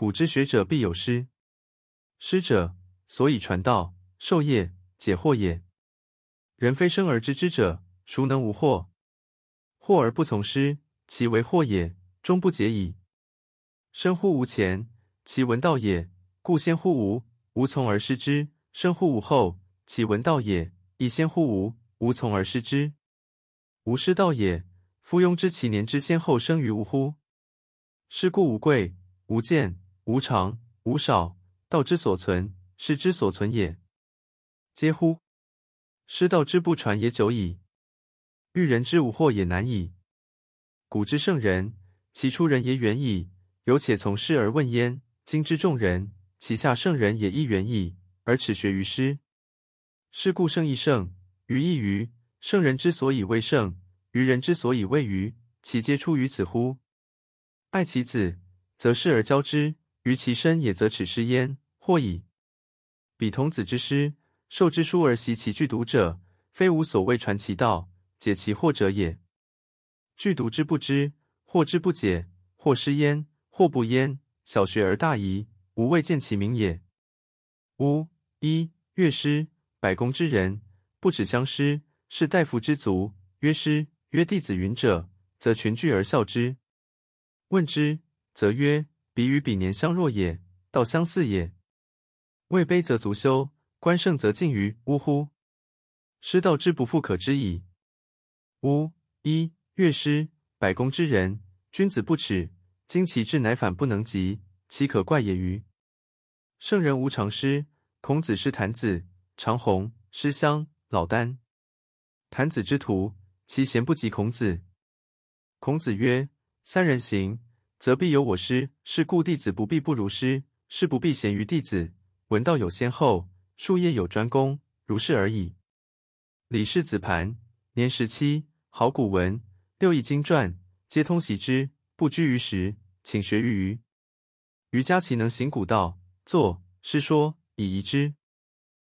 古之學者必有師，師者，所以傳道、授業、解惑也。人非生而知之者，孰能無惑？惑而不從師，其為惑也，終不解矣。生乎吾前，其聞道也，固先乎吾；吾從而師之。生乎吾後，其聞道也，亦先乎吾；吾從而師之。吾師道也，夫庸知其年之先後生於吾乎？是故無貴無賤。無長無少，道之所存，師之所存也。嗟乎！師道之不傳也久矣，欲人之無惑也難矣。古之聖人，其出人也遠矣，猶且從師而問焉；今之眾人，其下聖人也亦遠矣，而恥學於師。是故聖益聖，愚益愚。聖人之所以為聖，愚人之所以為愚，其皆出於此乎？愛其子，擇師而教之。於其身也，則恥師焉，惑矣。彼童子之師，授之書而習其句讀者，非吾所謂傳其道、解其惑者也。句讀之不知，惑之不解，或師焉，或不焉。小學而大遺，吾未見其明也。巫、醫、樂師，百工之人，不恥相師，士大夫之族，曰師，曰弟子云者，則群聚而笑之。問之，則曰。彼與彼年相若也，道相似也。位卑則足羞，官盛則近諛。嗚呼！師道之不復可知矣。巫、醫、樂師，百工之人，君子不齒。今其智乃反不能及，其可怪也歟！聖人無常師。孔子師郯子、萇弘、師襄、老聃。郯子之徒，其賢不及孔子。孔子曰：“三人行。”則必有我師，是故弟子不必不如師，師不必賢於弟子。聞道有先後，術業有專攻，如是而已。李氏子蟠，年十七，好古文，六藝經傳皆通習之，不拘於時，請學於余。余嘉其能行古道，作師說以貽之。